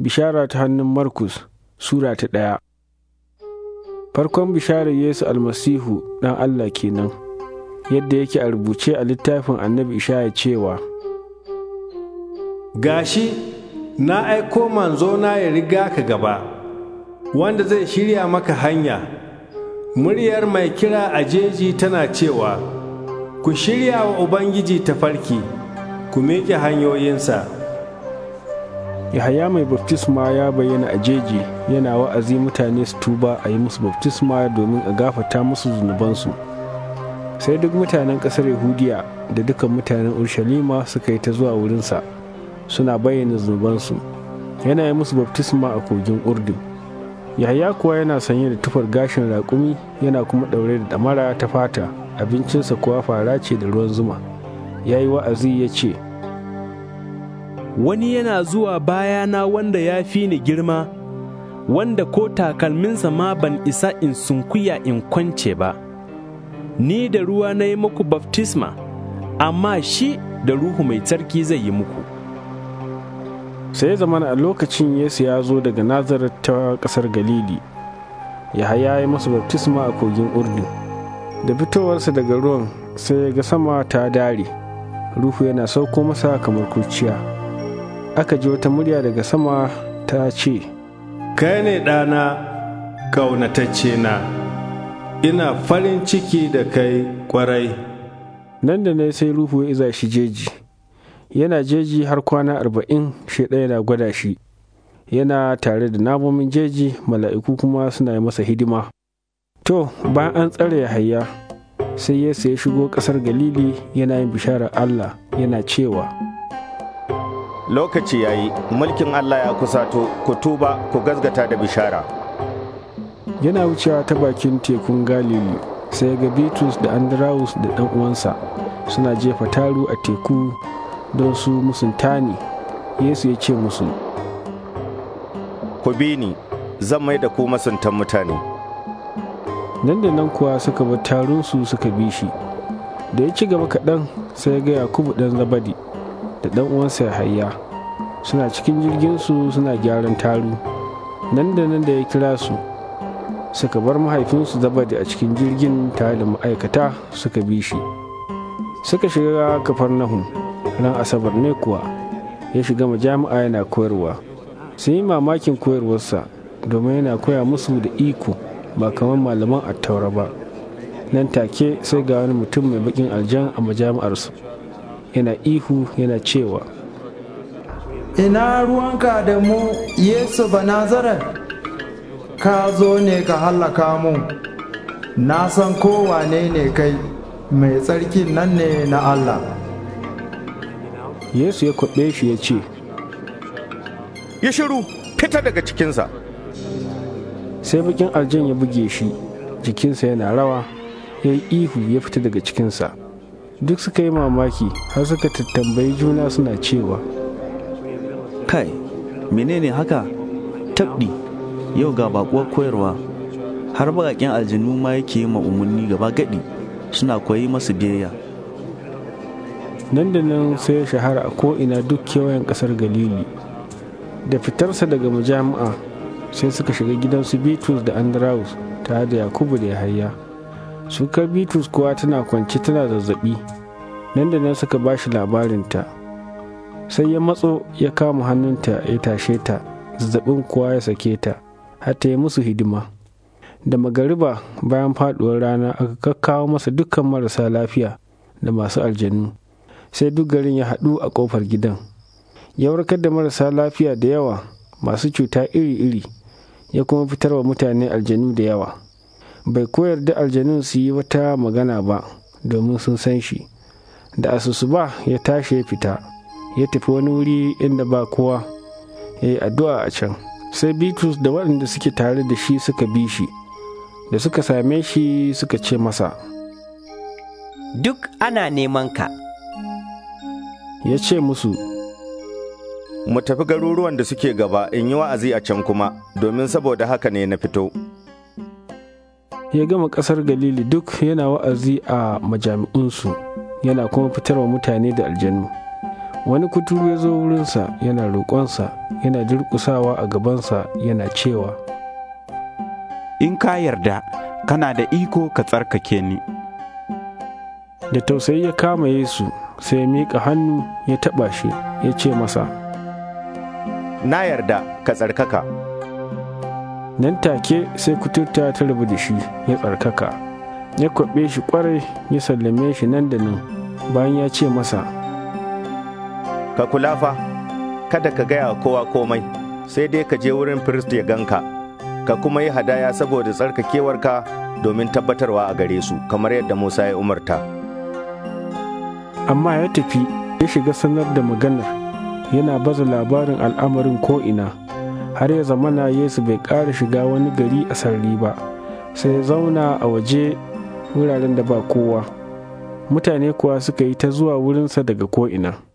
Bishara ta hannun Markus Sura ta ɗaya Farkon Bishara Yesu almasihu ɗan Allah kenan, yadda yake a rubuce a littafin annabi Ishaya cewa, Gashi, na aiko manzona ya riga ka gaba, wanda zai shirya maka hanya, muryar mai kira a jeji tana cewa, Ku shirya wa Ubangiji ta farki, ku miƙe hanyoyinsa. yahaya mai baftisma ya bayyana a jeji yana wa'azi mutane su tuba a yi musu baftisma domin a gafata musu zunubansu sai duk mutanen ƙasar yahudiya da dukan mutanen urshalima suka yi ta zuwa wurinsa suna bayyana zunubansu yana yi musu baftisma a kogin urdun yahaya kuwa yana sanye da tufar gashin raƙumi yana kuma ɗaure da ɗamara ta fata abincinsa kuwa fara ce da ruwan zuma ya yi wa'azi ya ce wani yana zuwa bayana wanda ya fi ni girma, wanda ko takalminsa ma ban isa in sunkuya in kwance ba. Ni da ruwa na yi muku baftisma, amma shi da Ruhu Mai Tsarki zai yi muku. Sai zamana a lokacin Yesu ya zo daga nazarar ta ƙasar Galili, Yahaya ya masa baftisma a kogin Urdu. Da fitowarsa daga ruwan sai ga sama ta dare, Ruhu yana sauko masa kamar kurciya. aka ji wata murya daga sama ta ce, Kai ne ɗana ƙaunatacce na, ina farin ciki da kai kwarai. Nan da ne sai Ruhu ya iza shi jeji, yana jeji har kwana arba'in shi ɗaya na gwada shi, yana tare da namomin jeji mala'iku kuma suna yi masa hidima. To, bayan an tsare hayya, sai Yesu ya shigo ƙasar Galili yana yin bishara Allah yana cewa. lokaci ya yi mulkin Allah ya kusa kusato ku tuba ku gazgata da bishara. Yana wucewa ta bakin tekun Galili sai ga Bitrus da Andraus da ɗan uwansa suna jefa taru a teku don su musunta ne. Yesu ya ce musu. Ku bi ni zan mai da ku masuntan mutane. Nan da nan kuwa suka bi taron su suka bi shi. Da ya ci gaba kaɗan sai ga Yakubu ɗan Zabadi. da ɗan uwansa hayya suna cikin jirginsu suna gyaran taru nan da nan da ya kira su suka bar mahaifinsu zabadi a cikin jirgin tare da ma'aikata suka bi shi suka shiga kafar nahu ran asabar ne kuwa ya shiga majami'a yana koyarwa sun yi mamakin koyarwarsa domin yana koya musu da iko ba kamar malaman attaura ba nan take sai ga wani mutum mai bakin aljan a majami'arsu yana ihu yana cewa ina ruwanka da mu yesu banazara ka zo ne ka hallaka mu na san kowa ne kai mai tsarkin nan ne na allah yesu ya kwaɓe shi ya ce ya shiru fita daga cikinsa sai bikin aljan ya buge shi jikinsa yana rawa ya yi ihu ya fita daga cikinsa duk suka yi mamaki har suka tattambayi juna suna cewa kai menene haka tabdi yau ga bakuwar koyarwa har bakin aljanu ma yake ma umarni gaba gadi suna koyi masu biyayya nan da nan sai ya shahara a ko'ina duk kewayen ƙasar galili da fitarsa daga majami'a sai suka shiga gidansu bitrus da andraus tare da yakubu da yahaya sukar bitrus kuwa tana kwance tana zazzaɓi nan da nan suka ba shi labarinta sai ya matso ya kama hannunta ya tashe ta zazzaɓin kuwa ya sake ta har ta yi musu hidima da magariba bayan faduwar rana aka kakkawo masa dukkan marasa lafiya da masu aljanu sai duk garin ya haɗu a ƙofar gidan ya warkar da marasa lafiya da yawa masu cuta iri-iri ya kuma fitar wa mutane aljanu da yawa bai koyar da aljanun su yi wata magana ba domin sun san shi da asusu ba ya tashi ya fita ya tafi wani wuri inda ba kowa ya yi addu'a a can sai bitrus da waɗanda suke tare da shi suka bi shi da suka same shi suka ce masa duk ana neman ka ya ce musu mu tafi garuruwan da suke gaba in yi wa'azi a can kuma domin saboda haka ne na fito ya gama ƙasar galili duk yana wa'azi a majami'unsu yana kuma fitar wa mutane da aljanu wani kuturu ya zo wurinsa yana roƙonsa yana durƙusawa a gabansa yana cewa in ka yarda kana da iko ka tsarkake ni da tausayi ya kama yesu sai ya miƙa hannu ya taɓa shi ya ce masa na yarda ka tsarkaka nan take sai kuturta ta rabu da shi ya tsarkaka ya kwaɓe shi kwarai ya sallame shi nan da nan bayan ya ce masa ka kula fa kada ka gaya kowa komai sai dai ka je wurin firist ya ganka ka kuma yi hadaya saboda tsarkakewarka domin tabbatarwa a gare su kamar yadda musa ya umarta amma ya tafi ya shiga sanar da maganar yana baza labarin al'amarin ko'ina har ya zamana yesu bai ƙara shiga wani gari a sarari ba sai zauna a waje wuraren da ba kowa mutane kuwa suka yi ta zuwa wurinsa daga ko'ina.